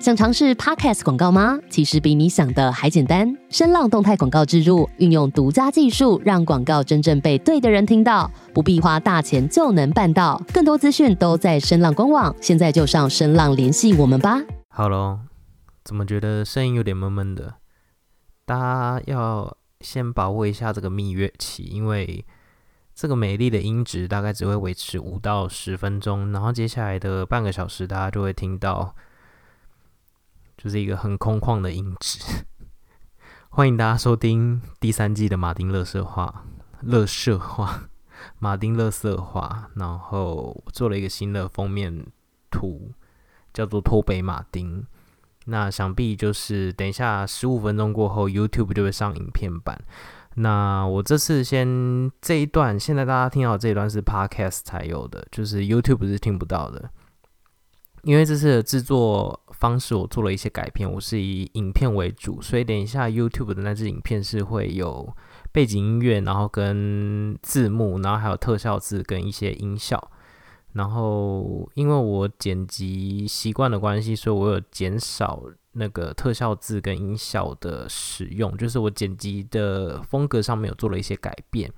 想嘗試 Podcast 廣告嗎？其實比你想的還簡單。聲浪動態廣告植入，運用獨家技術，讓廣告真正被對的人聽到，不必花大錢就能辦到。更多資訊都在聲浪官網，現在就上聲浪聯繫我們吧。好了，怎麼覺得聲音有點悶悶的？大家要先把握一下這個蜜月期，因為這個美麗的音質大概只會維持五到十分鐘，然後接下來的半個小時大家就會聽到。就是一個很空曠的影子。歡迎大家收聽第三季的馬丁垃圾話，垃圾話，馬丁垃圾話。然後做了一個新的封面圖，叫做脫北馬丁。那想必就是等一下十五分鐘過後，YouTube 就會上影片版。那我這次先這一段，現在大家聽到這一段是 Podcast 才有的，就是 YouTube 是聽不到的，因為這次的制作。方式我做了一些改變，我是以影片為主，所以等一下 YouTube 的那支影片是會有背景音樂，然後跟字幕，然後還有特效字跟一些音效。然後因為我剪輯習慣的關係，所以我有減少那個特效字跟音效的使用，就是我剪輯的風格上面有做了一些改變。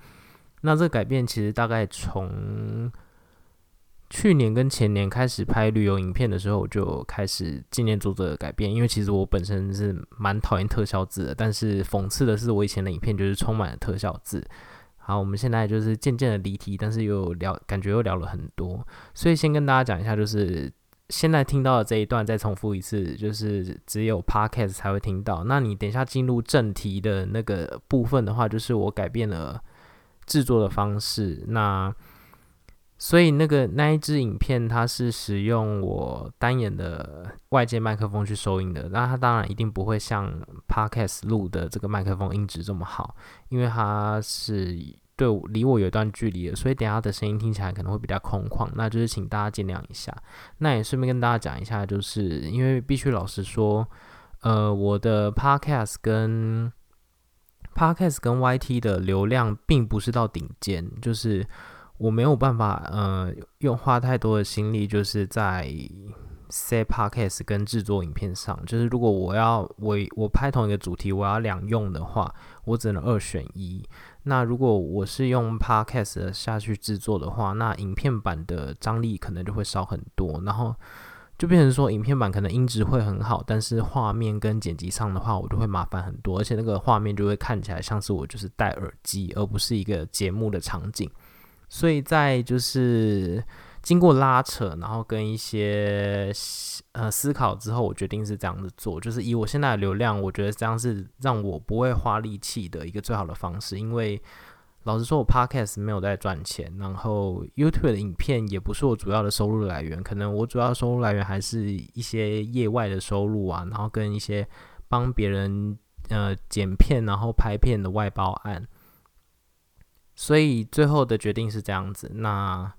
那這改變其實大概從。去年跟前年開始拍旅遊影片的時候，我就開始今年做做的改變。因為其實我本身是蠻討厭特效字的，但是諷刺的是，我以前的影片就是充滿了特效字。好，我們現在就是漸漸的離題，但是又聊，感覺又聊了很多。所以先跟大家講一下，就是現在聽到的這一段再重複一次，就是只有 podcast 才會聽到。那你等一下進入正題的那個部分的話，就是我改變了製作的方式。那所以那個那一支影片，它是使用我單眼的外接麥克風去收音的，那它當然一定不會像 podcast 錄的這個麥克風音質這麼好，因為它是對離我，我有一段距離的，所以等下的聲音聽起來可能會比較空曠，那就是請大家見諒一下。那也順便跟大家講一下，就是因為必須老實說，呃，我的 podcast 跟 podcast 跟 YT 的流量並不是到頂尖，就是。我沒有辦法，呃，用花太多的心力，就是在 set podcast 跟製作影片上。就是如果我要我我拍同一個主題，我要兩用的話，我只能二選一。那如果我是用 podcast 下去製作的話，那影片版的張力可能就會少很多，然後就變成說，影片版可能音質會很好，但是畫面跟剪輯上的話，我就會麻煩很多，而且那個畫面就會看起來像是我就是戴耳機，而不是一個節目的場景。所以在就是經過拉扯，然後跟一些呃思考之後，我決定是這樣子做，就是以我現在的流量，我覺得這樣是讓我不會花力氣的一個最好的方式。因為老實說，我 podcast 沒有在賺錢，然後 YouTube 的影片也不是我主要的收入來源，可能我主要的收入來源還是一些業外的收入啊，然後跟一些幫別人呃剪片，然後拍片的外包案。所以最後的決定是這樣子，那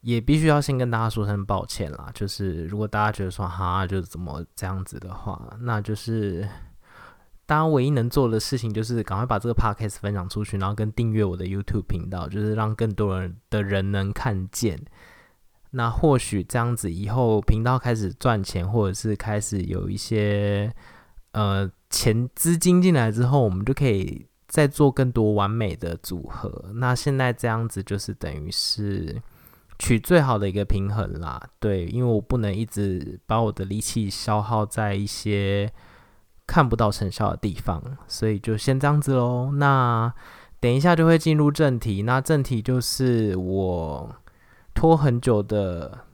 也必須要先跟大家說聲抱歉啦。就是如果大家覺得說哈，就是怎麼這樣子的話，那就是大家唯一能做的事情就是趕快把這個 podcast 分享出去，然後跟訂閱我的 YouTube 頻道，就是讓更多人的人能看見。那或許這樣子以後頻道開始賺錢，或者是開始有一些呃錢資金進來之後，我們就可以。再做更多完美的組合，那現在這樣子就是等於是取最好的一個平衡啦。對，因為我不能一直把我的力氣消耗在一些看不到成效的地方，所以就先這樣子嘍。那等一下就會進入正題，那正題就是我拖很久的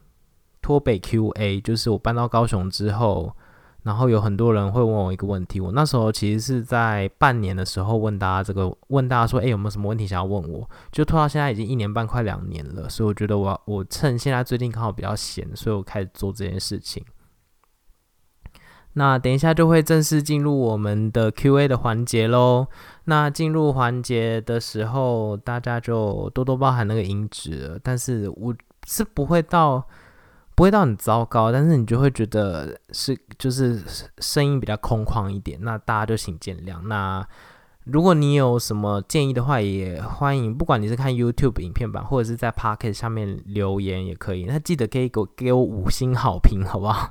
脫北 Q&A，就是我搬到高雄之後。然後有很多人會問我一個問題，我那時候其實是在半年的時候問大家這個，問大家說，哎，有沒有什麼問題想要問我，就拖到現在已經一年半，快兩年了。所以我覺得我我趁現在最近剛好比較閒，所以我開始做這件事情。那等一下就會正式進入我們的 QA 的環節嘍。那進入環節的時候，大家就多多包涵那個音質，但是我是不會到。不會到很糟糕，但是你就會覺得是就是聲音比較空曠一點，那大家就請見諒。那如果你有什麼建議的話，也歡迎，不管你是看 YouTube 影片版，或者是在 Pocket 上面留言也可以。那記得可以給我給我五星好評，好不好？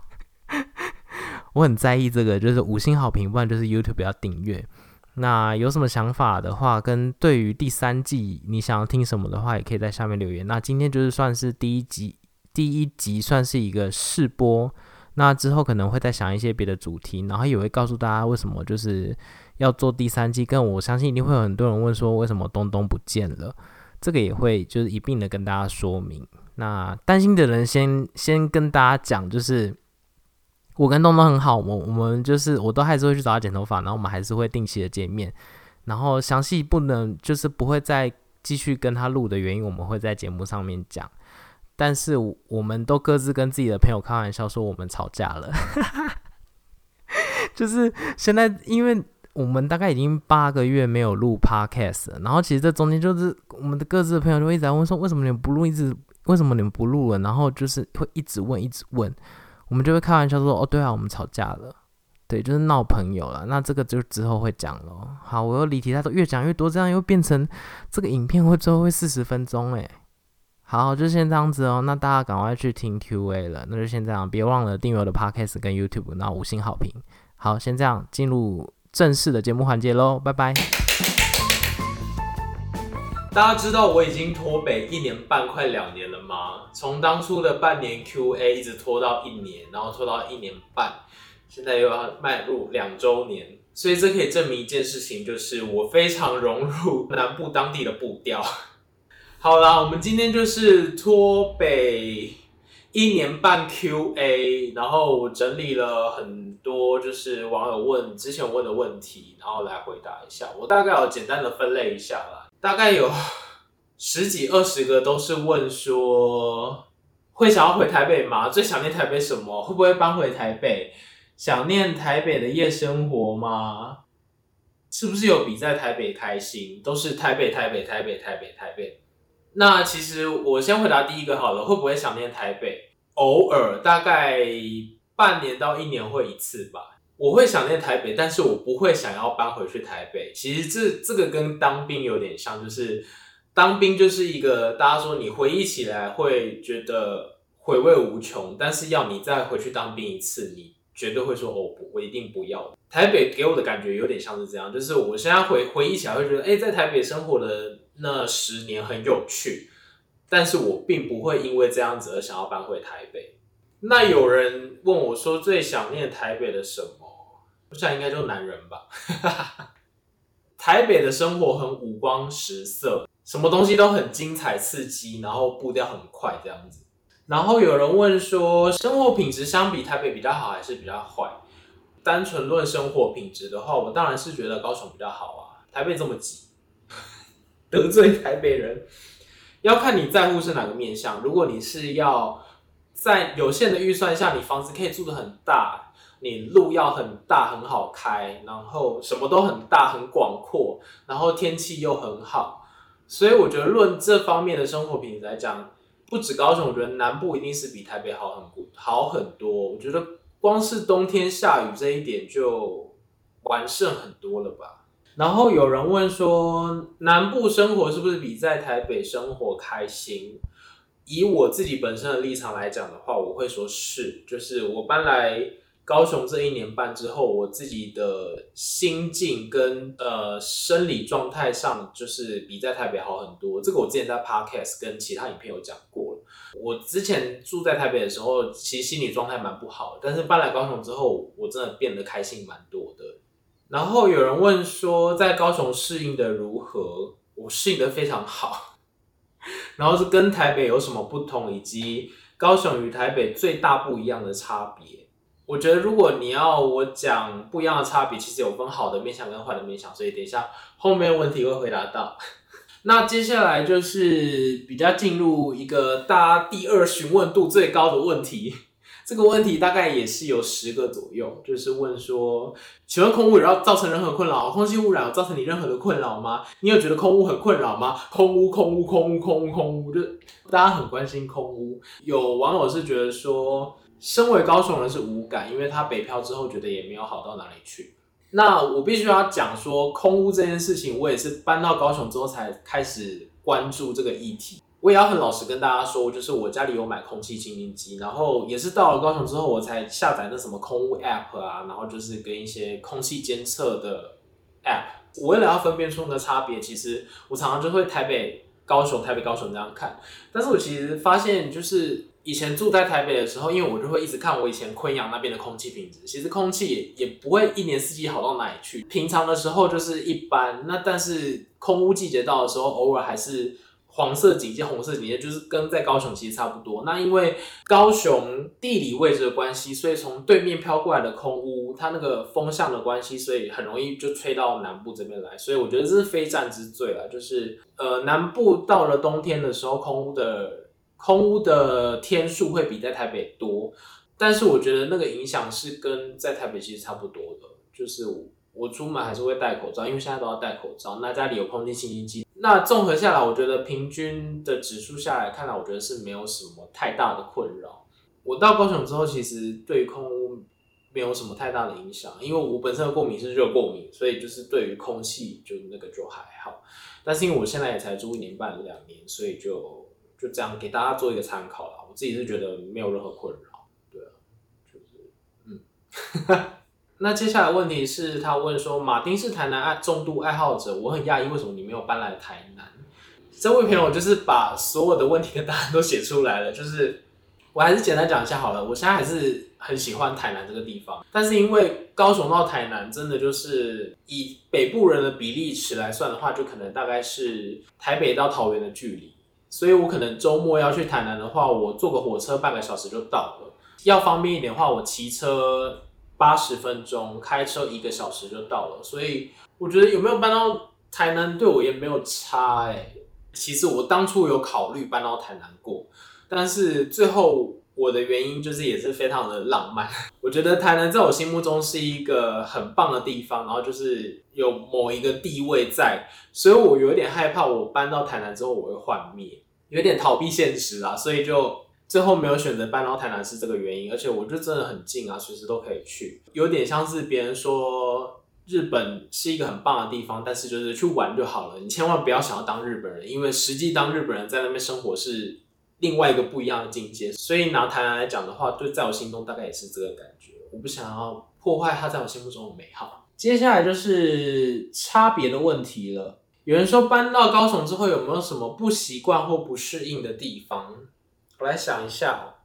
我很在意這個，就是五星好評，不然就是 YouTube 要訂閱。那有什麼想法的話，跟對於第三季你想要聽什麼的話，也可以在下面留言。那今天就是算是第一集，第一集算是一個試播，那之後可能會再想一些別的主題，然後也會告訴大家為什麼就是要做第三季。跟我相信一定會有很多人問說為什麼東東不見了，這個也會就是一併的跟大家說明。那擔心的人先先跟大家講，就是我跟東東很好，我我們就是我都還是會去找他剪頭髮，然後我們還是會定期的見面。然後，詳細不能就是不會再繼續跟他錄的原因，我們會在節目上面講。但是我們都各自跟自己的朋友開玩笑說我們吵架了。 就是現在，因為我們大概已經八個月沒有錄 podcast 了，然後其實這中間就是我們的各自的朋友就會，一直在問說為什麼你們不錄，一直為什麼你們不錄了，然後就是會一直問，一直問，我們就會開玩笑說哦對啊，我們吵架了，對，就是鬧朋友了，那這個就之後會講嘍。好，我又離題，他都越講越多，這樣又變成這個影片會最後會四十分鐘哎。好，就先這樣子哦、喔。那大家趕快去聽 Q A 了，那就先這樣，別忘了訂閱我的 podcast 跟 YouTube，然後五星好評。好，先這樣，進入正式的節目環節嘍，拜拜。大家知道我已經脫北一年半，快兩年了嗎？從當初的半年 Q A 一直拖到一年，然後拖到一年半，現在又要邁入兩周年，所以這可以證明一件事情，就是我非常融入南部當地的步調。好啦，我們今天就是脫北一年半 Q&A，然後我整理了很多就是網友問之前問的問題，然後來回答一下。我大概要簡單的分類一下吧，大概有十幾二十個都是問說會想要回台北嗎？最想念台北什麼？會不會搬回台北？想念台北的夜生活嗎？是不是有比在台北開心？都是台北台北台北台北台北、台北台北台北那其實我先回答第一個好了，會不會想念台北？偶爾，大概半年到一年會一次吧。我會想念台北，但是我不會想要搬回去台北。其實這這個跟當兵有點像，就是當兵就是一個大家說你回憶起來會覺得回味無窮，但是要你再回去當兵一次，你絕對會說哦，我不，我一定不要。台北給我的感覺有點像是這樣，就是我現在回回憶起來會覺得，哎、欸，在台北生活的。那十年很有趣，但是我並不會因為這樣子而想要搬回台北。那有人問我說最想念台北的什麼？我想應該就是男人吧。哈哈哈，台北的生活很五光十色，什麼東西都很精彩刺激，然後步調很快這樣子。然後有人問說生活品質相比台北比較好還是比較壞？單純論生活品質的話，我當然是覺得高雄比較好啊。台北這麼擠。得罪台北人，要看你在乎是哪個面向。如果你是要在有限的預算下，你房子可以住得很大，你路要很大很好開，然後什麼都很大很廣闊，然後天氣又很好，所以我覺得論這方面的生活品質來講，不止高雄，我覺得南部一定是比台北好很多、好很多。我覺得光是冬天下雨這一點就完勝很多了吧。然後有人問說，南部生活是不是比在台北生活開心？以我自己本身的立場來講的話，我會說是，就是我搬來高雄這一年半之後，我自己的心境跟呃生理狀態上，就是比在台北好很多。這個我之前在 podcast 跟其他影片有講過，我之前住在台北的時候，其實心理狀態蠻不好，但是搬來高雄之後，我真的變得開心蠻多的。然後有人問說，在高雄適應的如何？我適應的非常好。然後是跟台北有什麼不同，以及高雄與台北最大不一樣的差別。我覺得如果你要我講不一樣的差別，其實有分好的面向跟壞的面向，所以等一下後面問題會回答到。那接下來就是比較進入一個大家第二詢問度最高的問題。這個問題大概也是有十個左右，就是問說：請問空污，有要造成任何困擾？空氣污染有造成你任何的困擾嗎？你有覺得空污很困擾嗎？空污，空污，空污，空污，空污，就大家很關心空污。有網友是覺得說，身為高雄人是無感，因為他北漂之後覺得也沒有好到哪裡去。那我必須要講說，空污這件事情，我也是搬到高雄之後才開始關注這個議題。我也要很老實跟大家說，就是我家裡有買空氣清淨機，然後也是到了高雄之後，我才下載那什麼空污 App 啊，然後就是跟一些空氣監測的 App，我為了要分辨出那差別，其實我常常就會台北、高雄、台北、高雄這樣看。但是我其實發現，就是以前住在台北的時候，因為我就會一直看我以前昆陽那邊的空氣品質，其實空氣也，也不會一年四季好到哪裡去，平常的時候就是一般，那但是空污季節到的時候，偶爾還是。黃色警戒、紅色警戒就是跟在高雄其實差不多。那因為高雄地理位置的關係，所以從對面飄過來的空污，它那個風向的關係，所以很容易就吹到南部這邊來。所以我覺得這是非戰之罪啦，就是呃南部到了冬天的時候，空污的空污的天數會比在台北多，但是我覺得那個影響是跟在台北其實差不多的。就是我，我出門還是會戴口罩，因為現在都要戴口罩。那家裡有空氣清淨機。那綜合下來，我覺得平均的指數下來看來，我覺得是沒有什麼太大的困擾。我到高雄之後，其實對空沒有什麼太大的影響，因為我本身的過敏是熱過敏，所以就是對於空氣就那個就還好。但是因為我現在也才租一年半兩年，所以就就這樣給大家做一個參考啦。我自己是覺得沒有任何困擾，對啊，就是嗯。 那接下來問題是，他問說：“馬丁是台南愛重度愛好者，我很訝異為什麼你沒有搬來台南？”這位朋友就是把所有的問題的答案都寫出來了。就是，我還是簡單講一下好了。我現在還是很喜歡台南這個地方，但是因為高雄到台南真的就是以北部人的比例尺來算的話，就可能大概是台北到桃園的距離，所以我可能週末要去台南的話，我坐個火車半個小時就到了。要方便一點的話，我騎車，八十分鐘，開車一個小時就到了，所以我覺得有沒有搬到台南對我也沒有差哎、欸。其實我當初有考慮搬到台南過，但是最後我的原因就是也是非常的浪漫。我覺得台南在我心目中是一個很棒的地方，然後就是有某一個地位在，所以我有點害怕我搬到台南之後我會幻滅，有點逃避現實啦。所以就。最後沒有選擇搬到台南是這個原因，而且我就真的很近啊，隨時都可以去。有點像是別人說日本是一個很棒的地方，但是就是去玩就好了，你千萬不要想要當日本人，因為實際當日本人在那邊生活是另外一個不一樣的境界。所以拿台南來講的話，就在我心中大概也是這個感覺。我不想要破壞它在我心目中的美好。接下來就是差別的問題了。有人說搬到高雄之後有沒有什麼不習慣或不適應的地方？我來想一下，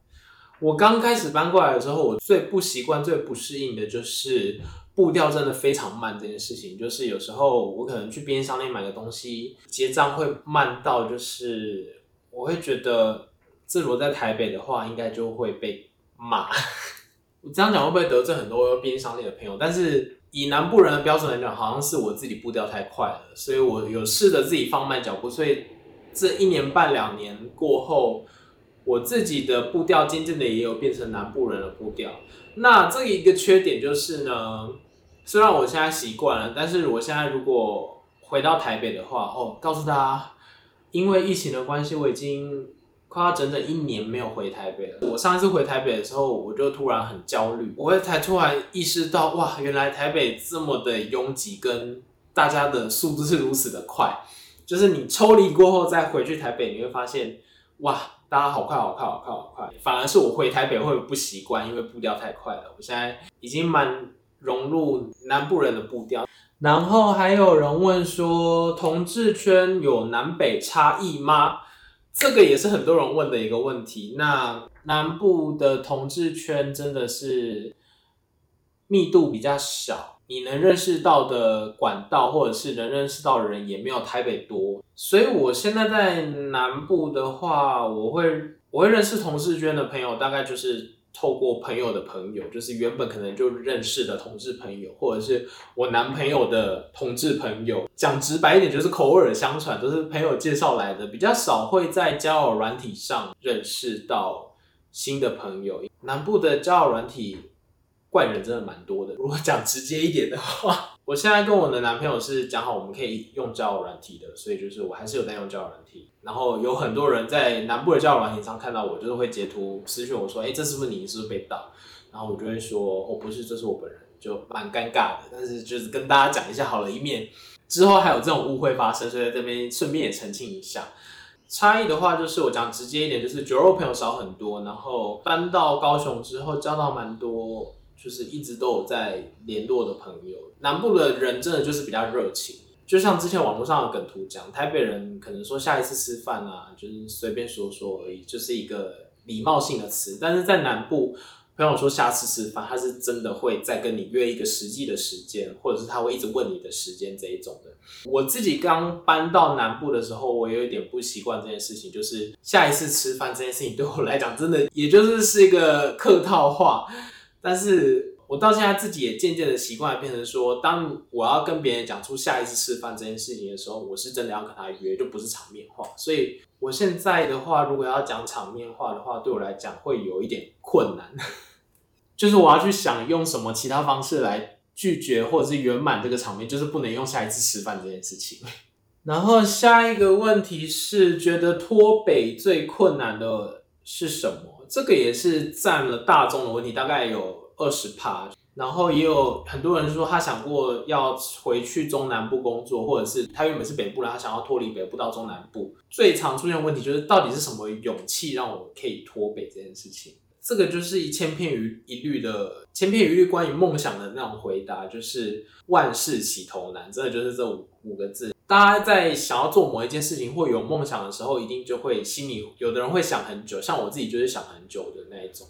我剛開始搬過來的時候，我最不習慣、最不適應的就是步調真的非常慢這件事情。就是有時候我可能去便利商店買個東西，結賬會慢到，就是我會覺得，自如果在台北的話，應該就會被罵。我 這樣講會不會得罪很多便利商店的朋友？但是以南部人的標準來講，好像是我自己步調太快了，所以我有試着自己放慢腳步。所以這一年半兩年過後。我自己的步調漸漸的也有變成南部人的步調，那這一個缺點就是呢，雖然我現在習慣了，但是我現在如果回到台北的話，哦，告訴大家，因為疫情的關係，我已經快要整整一年沒有回台北了。我上一次回台北的時候，我就突然很焦慮，我也才突然意識到，哇，原來台北這麼的擁擠，跟大家的速度是如此的快，就是你抽離過後再回去台北，你會發現，哇。大家好快好快好快好快，反而是我回台北會不習慣，因為步調太快了。我現在已經蠻融入南部人的步調。然後還有人問說，同志圈有南北差異嗎？這個也是很多人問的一個問題。那南部的同志圈真的是密度比較小。你能認識到的管道，或者是能認識到的人，也沒有台北多。所以，我現在在南部的話，我會我會認識同志圈的朋友，大概就是透過朋友的朋友，就是原本可能就認識的同志朋友，或者是我男朋友的同志朋友。講直白一點，就是口耳相傳，都是朋友介紹來的，比較少會在交友軟體上認識到新的朋友。南部的交友軟體。怪人真的蠻多的。如果講直接一點的話，我現在跟我的男朋友是講好我們可以用交友軟體的，所以就是我還是有在用交友軟體。然後有很多人在南部的交友軟體上看到我，就是會截圖私訊我說：“哎、欸，這是不是你？是不是被盜？”然後我就會說：“哦，不是，這是我本人。”就蠻尷尬的。但是就是跟大家講一下好的一面。之後還有這種誤會發生，所以在這邊順便也澄清一下。差異的話，就是我講直接一點，就是酒肉朋友少很多。然後搬到高雄之後，交到蠻多。就是一直都有在聯絡的朋友。南部的人真的就是比較熱情。就像之前網絡上的梗圖講，台北人可能說下一次吃飯啊，就是隨便說說而已，就是一個禮貌性的詞。但是在南部，朋友說下次吃飯，他是真的會再跟你約一個實際的時間，或者是他會一直問你的時間這一種的。我自己剛搬到南部的時候，我有一點不習慣這件事情，就是下一次吃飯這件事情對我來講，真的也就是是一個客套話，但是我到現在自己也漸漸的習慣，變成說，當我要跟別人講出下一次吃飯這件事情的時候，我是真的要跟他約，就不是場面話。所以我現在的話，如果要講場面話的話，對我來講會有一點困難， 就是我要去想用什麼其他方式來拒絕或者是圓滿這個場面，就是不能用下一次吃飯這件事情。 然後下一個問題是，覺得脫北最困難的。是什麼？這個也是佔了大宗的問題，大概有二十趴。然後也有很多人說，他想過要回去中南部工作，或者是他原本是北部人，他想要脫離北部到中南部。最常出現的問題就是，到底是什麼勇氣讓我可以脫北這件事情？這個就是一千篇於一律的，千篇一律關於夢想的那種回答，就是萬事起頭難，真的就是這五五個字。大家在想要做某一件事情或有夢想的時候，一定就會心裡有的人會想很久，像我自己就是想很久的那一種。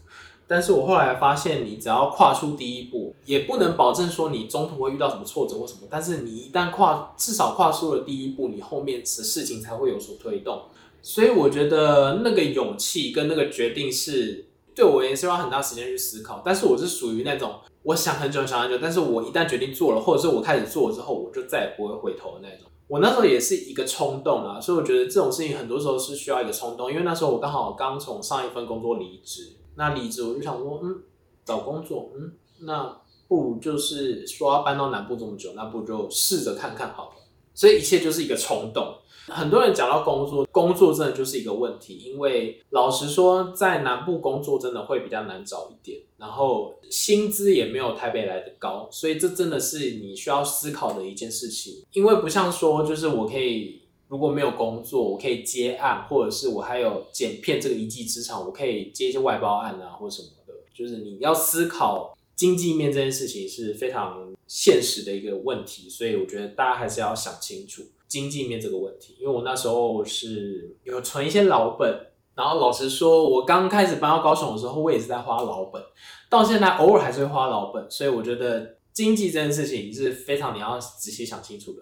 但是我後來發現，你只要跨出第一步，也不能保證說你中途會遇到什麼挫折或什麼。但是你一旦跨，至少跨出了第一步，你後面的事情才會有所推動。所以我覺得那個勇氣跟那個決定是對我也是要很大時間去思考。但是我是屬於那種我想很久想很久，但是我一旦決定做了，或者是我開始做了之後，我就再也不會回頭的那種。我那時候也是一個衝動啊，所以我覺得這種事情很多時候是需要一個衝動，因為那時候我剛好剛從上一份工作離職，那離職我就想說，嗯，找工作，嗯，那不如就是說要搬到南部這麼久，那不如就試着看看好了，所以一切就是一個衝動。很多人講到工作，工作真的就是一個問題，因為老實說，在南部工作真的會比較難找一點，然後薪資也沒有台北來的高，所以這真的是你需要思考的一件事情。因為不像說，就是我可以如果沒有工作，我可以接案，或者是我還有剪片這個一技之長，我可以接一些外包案啊，或什麼的。就是你要思考經濟面這件事情是非常現實的一個問題，所以我覺得大家還是要想清楚。經濟面這個問題，因為我那時候是有存一些老本，然後老實說，我剛開始搬到高雄的時候，我也是在花老本，到現在偶爾還是會花老本，所以我覺得經濟這件事情是非常你要仔細想清楚的。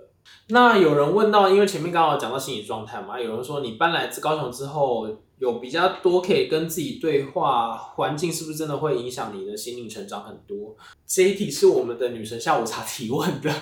那有人問到，因為前面剛剛講到心理狀態嘛，有人說你搬來自高雄之後，有比較多可以跟自己對話，環境是不是真的會影響你的心靈成長很多？這一題是我們的女神下午茶提問的，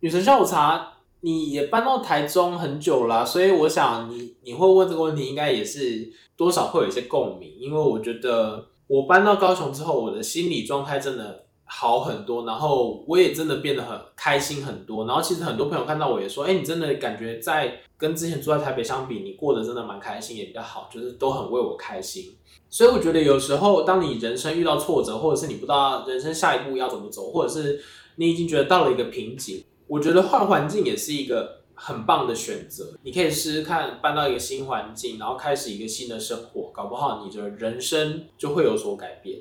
女神下午茶。你也搬到台中很久了啊，所以我想你你會問這個問題，應該也是多少會有一些共鳴。因為我覺得我搬到高雄之後，我的心理狀態真的好很多，然後我也真的變得很開心很多。然後其實很多朋友看到我也說，欸，你真的感覺在跟之前住在台北相比，你過得真的蠻開心，也比較好，就是都很為我開心。所以我覺得有時候當你人生遇到挫折，或者是你不知道人生下一步要怎麼走，或者是你已經覺得到了一個瓶頸。我覺得換環境也是一個很棒的選擇，你可以試試看搬到一個新環境，然後開始一個新的生活，搞不好你的人生就會有所改變。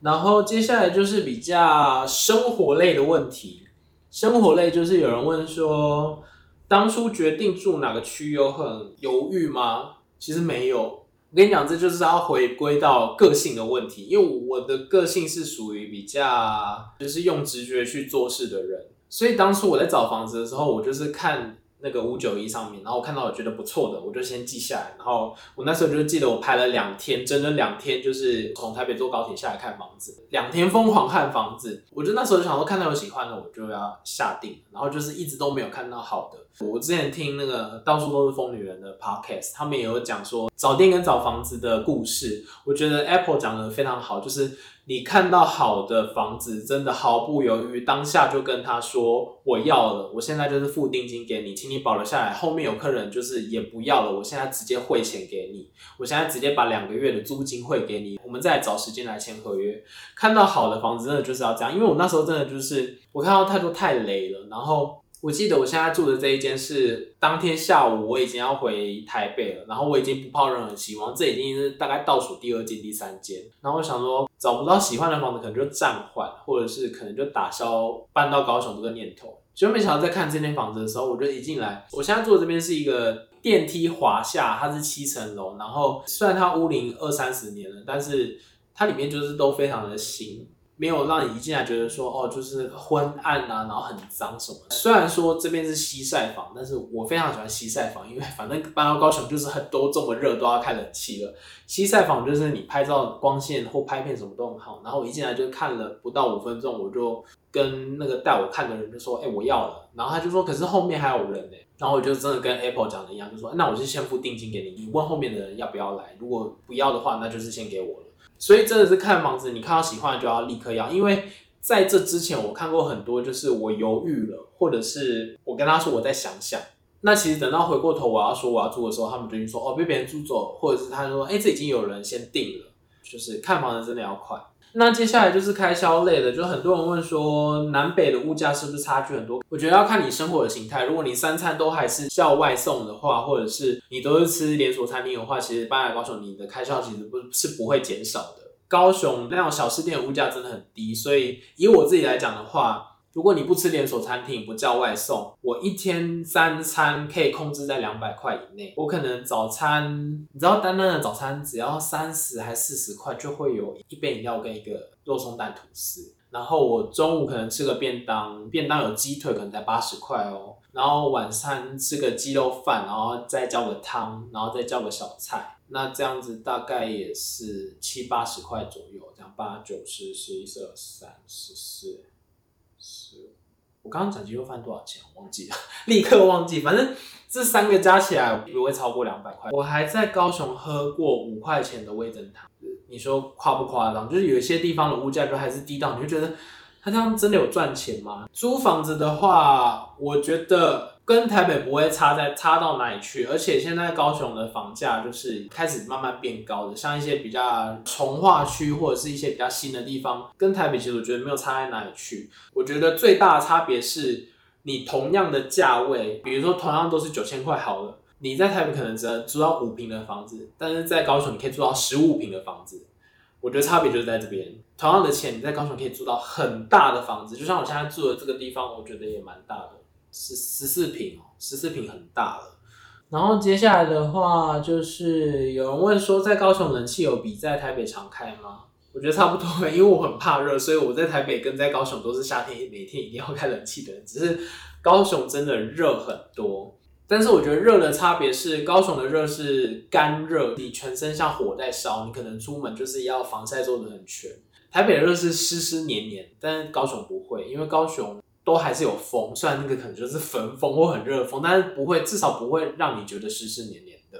然後接下來就是比較生活類的問題，生活類就是有人問說，當初決定住哪個區有很猶豫嗎？其實沒有，我跟你講，這就是要回歸到個性的問題，因為我的個性是屬於比較就是用直覺去做事的人。所以當初我在找房子的時候，我就是看那個五九一上面，然後看到我覺得不錯的，我就先記下來。然後我那時候就記得我排了兩天，整整兩天，就是從台北坐高鐵下來看房子，兩天瘋狂看房子。我就那時候就想說，看到有喜歡的，我就要下定。然後就是一直都沒有看到好的。我之前聽那個到處都是瘋女人的 Podcast，他們也有講說找店跟找房子的故事。我覺得 Apple 講的非常好，就是。你看到好的房子，真的毫不猶豫，當下就跟他說我要了，我現在就是付定金給你，請你保留下來。後面有客人就是也不要了，我現在直接匯錢給你，我現在直接把兩個月的租金匯給你，我們再找時間來簽合約。看到好的房子，真的就是要這樣，因為我那時候真的就是我看到太多太雷了。然後我記得我現在住的這一間是當天下午我已經要回台北了，然後我已經不抱任何希望，這已經是大概倒數第二間、第三間。然後我想說。找不到喜歡的房子，可能就暫緩，或者是可能就打消搬到高雄這個念頭。其實沒想到，在看這間房子的時候，我就一進來，我現在坐的這邊是一個電梯華廈，它是七層樓，然後雖然它屋齡二三十年了，但是它裡面就是都非常的新。沒有讓你一進來覺得說哦，就是昏暗啊，然後很髒什麼。雖然說這邊是西曬房，但是我非常喜歡西曬房，因為反正搬到高雄就是很多，這麼熱，都要開冷氣了。西曬房就是你拍照光線或拍片什麼都很好。然後我一進來就看了不到五分鐘，我就跟那個帶我看的人就說：“哎、欸，我要了。”然後他就說：“可是後面還有人呢。”然後我就真的跟 Apple 講的一樣，就說：“那我就先付定金給你，你問後面的人要不要來。如果不要的話，那就是先給我了。”所以真的是看房子，你看到喜歡的就要立刻要，因為在這之前我看過很多，就是我猶豫了，或者是我跟他說我再想想。那其實等到回過頭我要說我要租的時候，他們決定說哦被別人租走，或者是他說哎、欸、這已經有人先定了。就是看房子真的要快。那接下來就是開銷類的，就很多人問說，南北的物價是不是差距很多？我覺得要看你生活的形態。如果你三餐都還是叫外送的話，或者是你都是吃連鎖餐廳的話，其實搬到高雄，你的開銷其實不是不會減少的。高雄那種小吃店的物價真的很低，所以以我自己來講的話，如果你不吃連鎖餐廳，不叫外送，我一天三餐可以控制在兩百塊以內。我可能早餐，你知道，單單的早餐只要三十還四十塊，就會有一杯飲料跟一個肉鬆蛋吐司。然後我中午可能吃個便當，便當有雞腿可能才八十塊哦。然後晚餐吃個雞肉飯，然後再叫個湯，然後再叫個小菜。那這樣子大概也是七八十塊左右，這樣八九十、十一十二、十三十四。我剛剛轉機又翻多少錢？我忘記了，立刻忘記。反正這三個加起來也不會超過兩百塊。我還在高雄喝過五塊錢的味噌湯，你說誇不誇張？就是有一些地方的物價就還是低到，你就覺得他這樣真的有賺錢嗎？租房子的話，我覺得。跟台北不會差在差到哪裡去，而且現在高雄的房價就是開始慢慢變高的，像一些比較重劃區，或者是一些比較新的地方，跟台北其實我覺得沒有差在哪裡去。我覺得最大的差別是你同樣的價位，比如說同樣都是九千塊好了，你在台北可能只能租到五坪的房子，但是在高雄你可以租到十五坪的房子。我覺得差別就是在這邊，同樣的錢你在高雄可以租到很大的房子，就像我現在住的這個地方，我覺得也蠻大的。十十四坪，十四坪很大了。然後接下來的話就是有人問說，在高雄冷氣有比在台北常開嗎？我覺得差不多，因為我很怕熱，所以我在台北跟在高雄都是夏天每天一定要開冷氣的人。只是高雄真的熱很多，但是我覺得熱的差別是高雄的熱是乾熱，你全身像火在燒，你可能出門就是要防曬做的很全。台北的熱是濕濕黏黏，但是高雄不會，因為高雄。都還是有風，雖然那個可能就是焚風或很熱風，但是不會，至少不會讓你覺得濕濕黏黏的。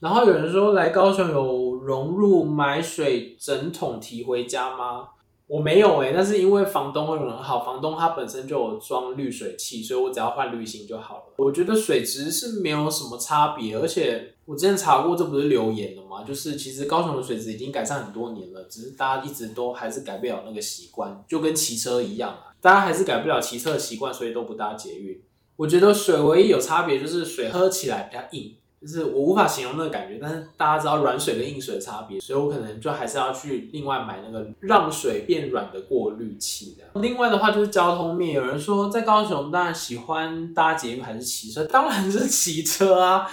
然後有人說來高雄有融入買水整桶提回家嗎？我沒有誒、欸，那是因為房東人很好，房東他本身就有裝濾水器，所以我只要換濾芯就好了。我覺得水質是沒有什麼差別，而且我之前查過，這不是留言的嗎？就是其實高雄的水質已經改善很多年了，只是大家一直都還是改不了那個習慣，就跟騎車一樣、啊大家還是改不了騎車的習慣，所以都不搭捷運。我覺得水唯一有差別就是水喝起來比較硬，就是我無法形容那個感覺。但是大家知道軟水跟硬水的差別，所以我可能就還是要去另外買那個讓水變軟的過濾器的。另外的話就是交通面，有人說，在高雄，大家喜歡搭捷運還是騎車？當然是騎車啊。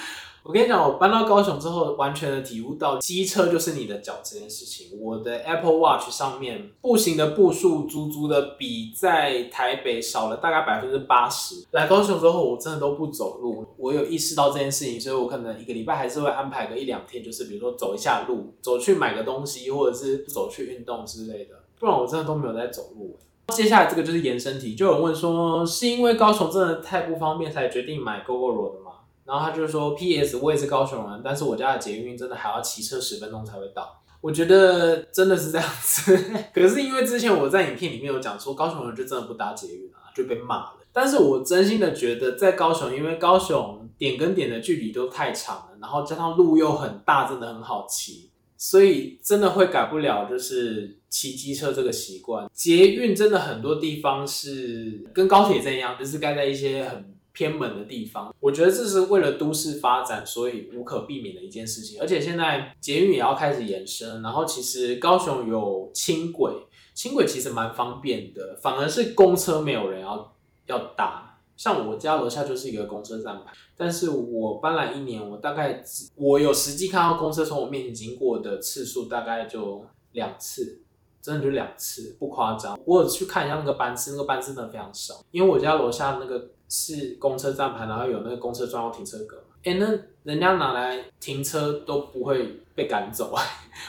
我跟你講，我搬到高雄之後，完全的體悟到機車就是你的腳這件事情。我的 Apple Watch 上面步行的步數足足的比在台北少了大概百分之八十。來高雄之後，我真的都不走路。我有意識到這件事情，所以我可能一個禮拜還是會安排個一兩天，就是比如說走一下路，走去買個東西，或者是走去運動之類的。不然我真的都沒有在走路。接下來這個就是延伸題，就有人問說，是因為高雄真的太不方便，才決定買 Gogoro 的嗎？然後他就說：“P.S. 我也是高雄人，但是我家的捷運真的還要騎車十分鐘才會到。我覺得真的是這樣子。可是因為之前我在影片裡面有講說高雄人就真的不搭捷運啊，就被罵了。但是我真心的覺得，在高雄，因為高雄點跟點的距離都太長了，然後加上路又很大，真的很好騎，所以真的會改不了就是騎機車這個習慣。捷運真的很多地方是跟高鐵一樣，就是蓋在一些很。”偏門的地方，我覺得這是為了都市發展，所以無可避免的一件事情。而且現在捷運也要開始延伸，然後其實高雄有輕軌，輕軌其實蠻方便的，反而是公車沒有人要要搭。像我家樓下就是一個公車站牌，但是我搬來一年，我大概我有實際看到公車從我面前經過的次數大概就兩次，真的就兩次，不誇張。我有去看一下那個班次，那個班次真的非常少，因為我家樓下那個。是公車站牌，然後有那個公車專用停車格。哎、欸，那人家拿來停車都不會被趕走、欸，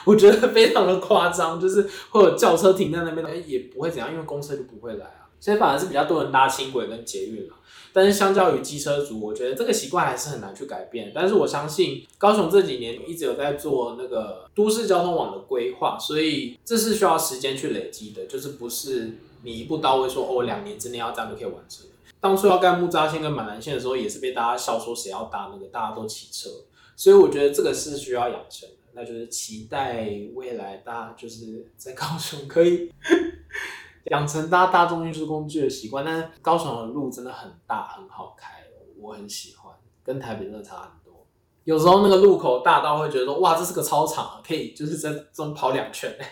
我覺得非常的誇張。就是會有轎車停在那邊，哎、欸，也不會怎樣，因為公車就不會來啊。所以反而是比較多人搭輕軌跟捷運了。但是相較於機車族，我覺得這個習慣還是很難去改變。但是我相信高雄這幾年一直有在做那個都市交通網的規劃，所以這是需要時間去累積的，就是不是你一步到位說哦，兩年之內要這樣就可以完成。當初要蓋木柵線跟板南線的時候，也是被大家笑說誰要搭那個，大家都騎車。所以我覺得這個是需要養成的，那就是期待未來大家就是在高雄可以養 成大家搭大眾運輸工具的習慣。但是高雄的路真的很大，很好開，我很喜歡，跟台北真的差很多。有時候那個路口大到會覺得說，哇，這是個操場，可以就是在中跑兩圈、欸。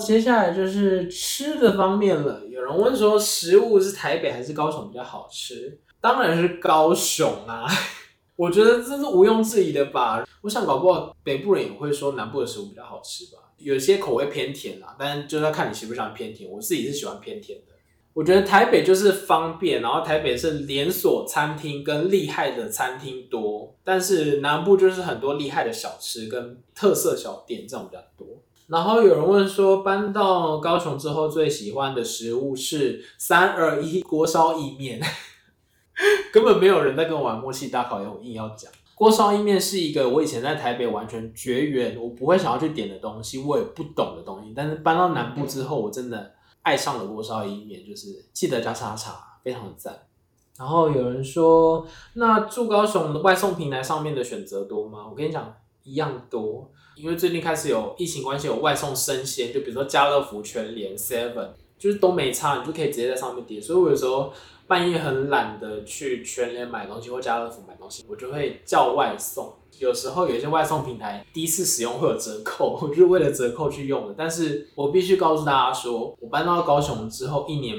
接下來就是吃的方面了。有人問說，食物是台北還是高雄比較好吃？當然是高雄啦、啊，我覺得這是毋庸置疑的吧。我想，搞不好北部人也會說南部的食物比較好吃吧。有些口味偏甜啦，但就是要看你喜不喜歡偏甜。我自己是喜歡偏甜的。我覺得台北就是方便，然後台北是連鎖餐廳跟厲害的餐廳多，但是南部就是很多厲害的小吃跟特色小店，這種比較多。然後有人問說，搬到高雄之後最喜歡的食物是三二一鍋燒意面， 根本沒有人在跟我玩默契大考驗，我硬要講鍋燒意麵是一個我以前在台北完全絕緣，我不會想要去點的東西，我也不懂的東西。但是搬到南部之後，嗯、我真的愛上了鍋燒意面，就是記得加沙茶，非常的讚。然後有人說，那住高雄的外送平台上面的選擇多嗎？我跟你講，一樣多。因為最近開始有疫情關係，有外送生鮮，就比如說家樂福、全聯、Seven，就是都沒差，你就可以直接在上面點。所以，我有時候半夜很懶得去全聯買東西或家樂福買東西，我就會叫外送。有時候有一些外送平台第一次使用會有折扣，我就為了折扣去用的。但是我必須告訴大家說，我搬到高雄之後一年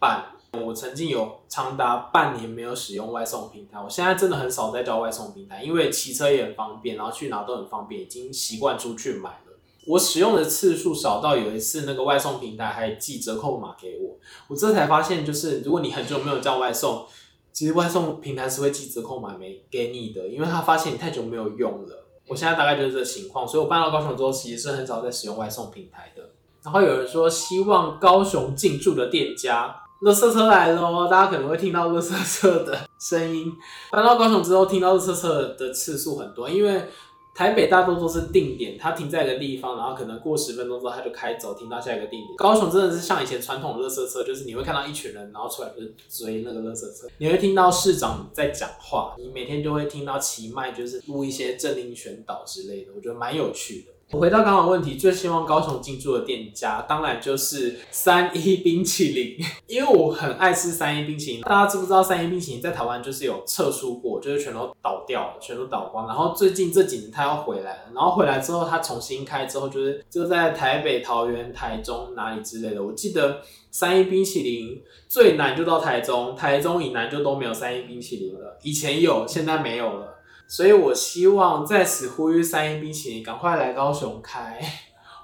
半。我曾經有長達半年沒有使用外送平台，我現在真的很少在叫外送平台，因為騎車也很方便，然後去哪都很方便，已經習慣出去買了。我使用的次數少到有一次那個外送平台還寄折扣碼給我，我這才發現，就是如果你很久沒有叫外送，其實外送平台是會寄折扣碼沒給你的，因為他發現你太久沒有用了。我現在大概就是這個情況，所以我搬到高雄之後，其實是很少在使用外送平台的。然後有人說希望高雄進駐的店家。垃圾車來了哦，大家可能會聽到垃圾車的聲音。搬到高雄之後，聽到垃圾車的次數很多，因為台北大多數是定點，它停在一個地方，然後可能過十分鐘之後它就開走，停到下一個定點。高雄真的是像以前傳統垃圾車，就是你會看到一群人，然後出來就追那個垃圾車。你會聽到市長在講話，你每天就會聽到奇麥就是錄一些政令宣導之類的，我覺得蠻有趣的。我回到剛剛的問題，最希望高雄進駐的店家，當然就是三一冰淇淋，因為我很愛吃三一冰淇淋。大家知不知道三一冰淇淋在台灣就是有撤出過，就是全都倒掉了，全都倒光。然後最近這幾年它要回來了，然後回來之後它重新開之後，就是就在台北、桃園、台中哪裡之類的。我記得三一冰淇淋最南就到台中，台中以南就都沒有三一冰淇淋了。以前有，現在沒有了。所以，我希望在此呼籲三英冰淇淋，趕快來高雄開！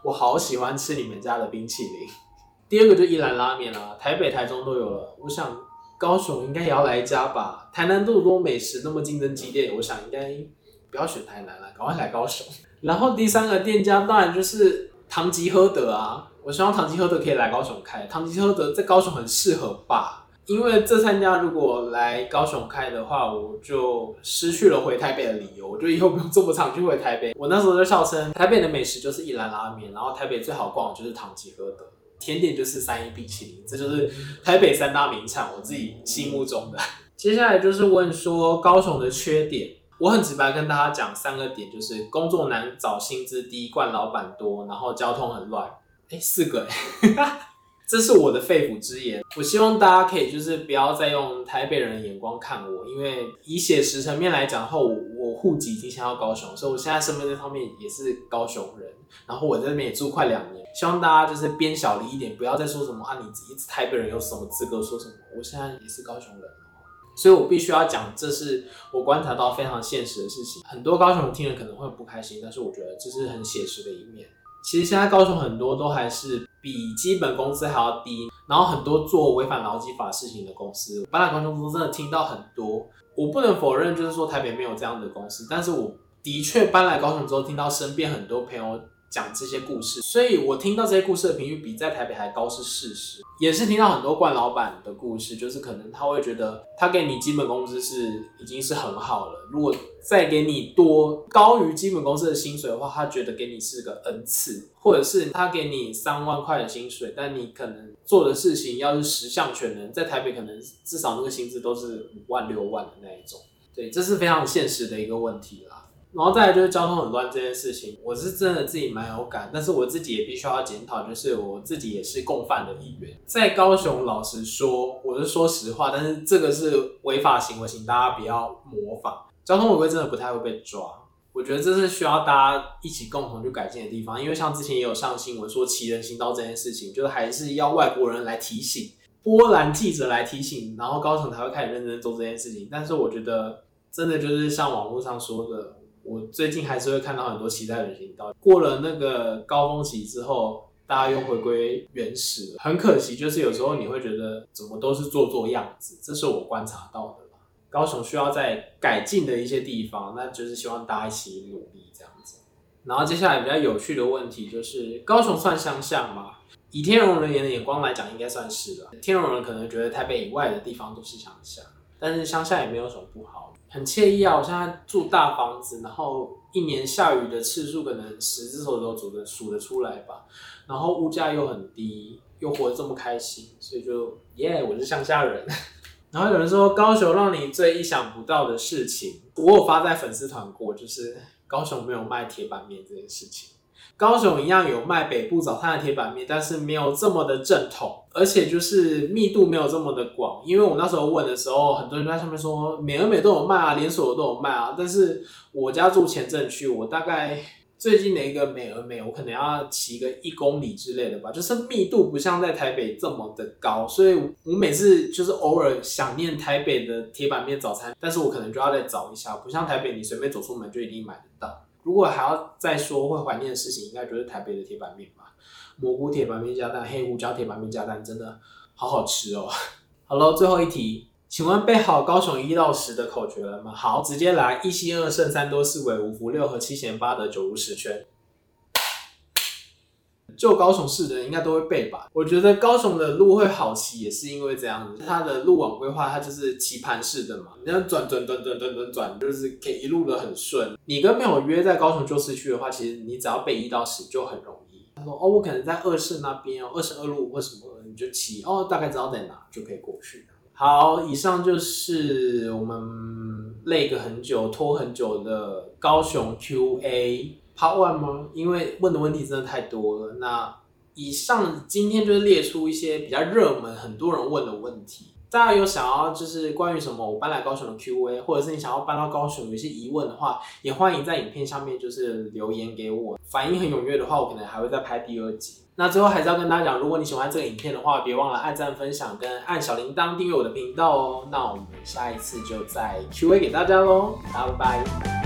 我好喜歡吃你們家的冰淇淋。第二個就一蘭拉麵啦、啊，台北、台中都有了，我想高雄應該也要來一家吧。台南這麼多美食，那麼競爭激烈，我想應該不要選台南了，趕快來高雄。嗯、然後第三個店家當然就是唐吉訶德啊，我希望唐吉訶德可以來高雄開。唐吉訶德在高雄很適合吧。因為這三家如果來高雄開的話，我就失去了回台北的理由，我就以後不用這麼常去回台北。我那時候就笑稱，台北的美食就是一蘭拉麵，然後台北最好逛的就是唐吉訶德，甜點就是三一冰淇淋，這就是台北三大名產，我自己心目中的。嗯、接下來就是問說高雄的缺點，我很直白跟大家講三個點，就是工作難找、薪資低、慣老闆多，然後交通很亂。哎、欸，四個、欸。 這是我的肺腑之言，我希望大家可以就是不要再用台北人的眼光看我，因為以寫實層面來講的話，我我戶籍已經遷到高雄，所以我現在身份證上面也是高雄人，然後我在這邊也住快兩年，希望大家就是編小了一點，不要再說什麼啊，你你台北人有什麼資格說什麼？我現在也是高雄人，所以我必須要講，這是我觀察到非常現實的事情。很多高雄人聽了可能會不開心，但是我覺得這是很寫實的一面。其實現在高雄很多都還是比基本工資還要低，然後很多做違反勞基法事情的公司，搬來高雄之後真的聽到很多。我不能否認，就是說台北沒有這樣的公司，但是我的確搬來高雄之後，聽到身邊很多朋友，講這些故事，所以我聽到這些故事的頻率比在台北還高是事實，也是聽到很多慣老闆的故事，就是可能他會覺得他給你基本工資是已經是很好了，如果再給你多高於基本工資的薪水的話，他覺得給你是個恩賜，或者是他給你三萬塊的薪水，但你可能做的事情要是十項全能，在台北可能至少那個薪資都是五萬六萬的那一種，對，這是非常現實的一個問題啦。然後再來就是交通很亂這件事情，我是真的自己蠻有感，但是我自己也必須要檢討，就是我自己也是共犯的一員。在高雄，老實說，我是說實話，但是這個是違法行為，請大家不要模仿。交通違規真的不太會被抓，我覺得這是需要大家一起共同去改進的地方。因為像之前也有上新聞說騎人行道這件事情，就是還是要外國人來提醒，波蘭記者來提醒，然後高雄才會開始認真做這件事情。但是我覺得，真的就是像網絡上說的。我最近還是會看到很多騎在人行道。過了那個高峰期之後，大家又回歸原始了。很可惜，就是有時候你會覺得怎麼都是做做樣子，這是我觀察到的。高雄需要再改進的一些地方，那就是希望大家一起努力這樣子。然後接下來比較有趣的問題就是，高雄算鄉下嗎？以天龍人的眼光來講，應該算是了、啊。天龍人可能覺得台北以外的地方都是鄉下。但是鄉下也沒有什麼不好，很愜意啊！我現在住大房子，然後一年下雨的次數可能十只手都數得數得出來吧，然後物價又很低，又活得這麼開心，所以就耶、yeah，我是鄉下人。 然後有人說高雄讓你最意想不到的事情，不過我有發在粉絲團過，就是高雄沒有賣鐵板麵這件事情。高雄一樣有賣北部早餐的鐵板麵，但是沒有這麼的正統，而且就是密度沒有這麼的廣。因為我那時候問的時候，很多人在上面說美而美都有賣啊，連鎖的都有賣啊。但是我家住前鎮區，我大概最近的一個美而美，我可能要騎個一公里之類的吧。就是密度不像在台北這麼的高，所以我每次就是偶爾想念台北的鐵板麵早餐，但是我可能就要再找一下，不像台北你隨便走出門就一定買得到。如果還要再說會懷念的事情，應該就是台北的鐵板麵吧，蘑菇鐵板麵加蛋，黑胡椒鐵板麵加蛋，真的好好吃哦。好了，最後一題，請問背好高雄一到十的口訣了嗎？好，直接來一心二聖三多四維五福六合七賢八德九如十全。就高雄市的人應該都會背吧？我覺得高雄的路會好騎，也是因為這樣子，它的路網規劃，它就是棋盤式的嘛，你要轉轉轉轉轉轉轉，就是可以一路的很順。你跟朋友約在高雄舊市區的話，其實你只要背一到十就很容易。他說：“哦，我可能在二聖那邊哦，二十二路或什麼，你就騎哦，大概知道在哪就可以過去。”好，以上就是我們 Lag 很久拖很久的高雄 QA。好玩嗎？因為問的問題真的太多了。那以上今天就是列出一些比較熱門、很多人問的問題。大家有想要就是關於什麼我搬來高雄的 QA，或者是你想要搬到高雄有一些疑問的話，也歡迎在影片下面就是留言給我。反應很踴躍的話，我可能還會再拍第二集。那最後還是要跟大家講，如果你喜歡這個影片的話，別忘了按讚、分享跟按小鈴鐺訂閱我的頻道哦。那我們下一次就再 QA 給大家嘍。拜拜。